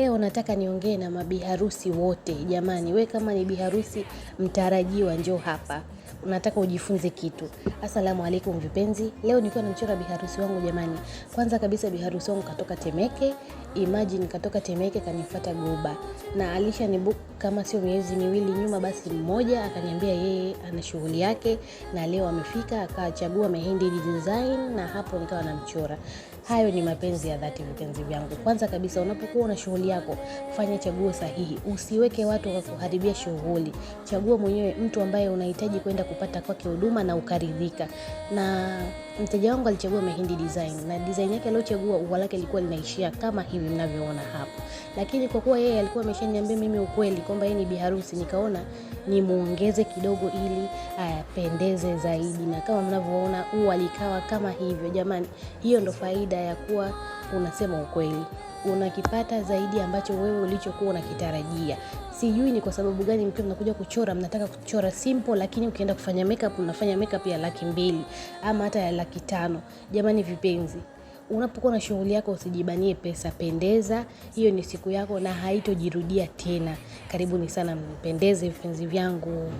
Leo nataka niongee na mabiharusi wote jamani, we kama ni biharusi mtarajiwa, njoo hapa unataka ujifunze kitu. Asalamu alaikum vipenzi, leo nikiwa namchora biharusi wangu jamani. Kwanza kabisa biharusi wangu katoka Temeke, imagine katoka Temeke kanifuata Goba na alisha ni book kama sio miezi miwili nyuma, basi mmoja akaniambia yeye ana shughuli yake na leo amefika, akachagua mehindi design na hapo nikawa namchora. Hayo ni mapenzi ya dhati vipenzi vyangu. Kwanza kabisa, unapokuwa una shughuli yako, fanya chaguo sahihi, usiweke watu wakakuharibia shughuli. Chagua mwenyewe mtu ambaye unahitaji kwenda ku kupata kwake huduma na ukaridhika. Na mteja wangu alichagua Mehindi Design na design yake aliochagua ua lake lilikuwa linaishia kama hivi mnavyoona hapo, lakini kwa kuwa yeye alikuwa ameshaniambia mimi ukweli kwamba yeye ni biharusi, nikaona nimuongeze kidogo ili apendeze zaidi, na kama mnavyoona ua likawa kama hivyo. Jamani, hiyo ndo faida ya kuwa unasema ukweli unakipata zaidi ambacho wewe ulichokuwa unakitarajia. Sijui ni kwa sababu gani mkiwa mnakuja kuchora mnataka kuchora simple, lakini ukienda kufanya makeup unafanya makeup ya laki mbili ama hata ya laki tano. Jamani vipenzi, unapokuwa na shughuli yako usijibanie pesa, pendeza. Hiyo ni siku yako na haitojirudia tena. Karibuni sana, mpendeze vipenzi vyangu.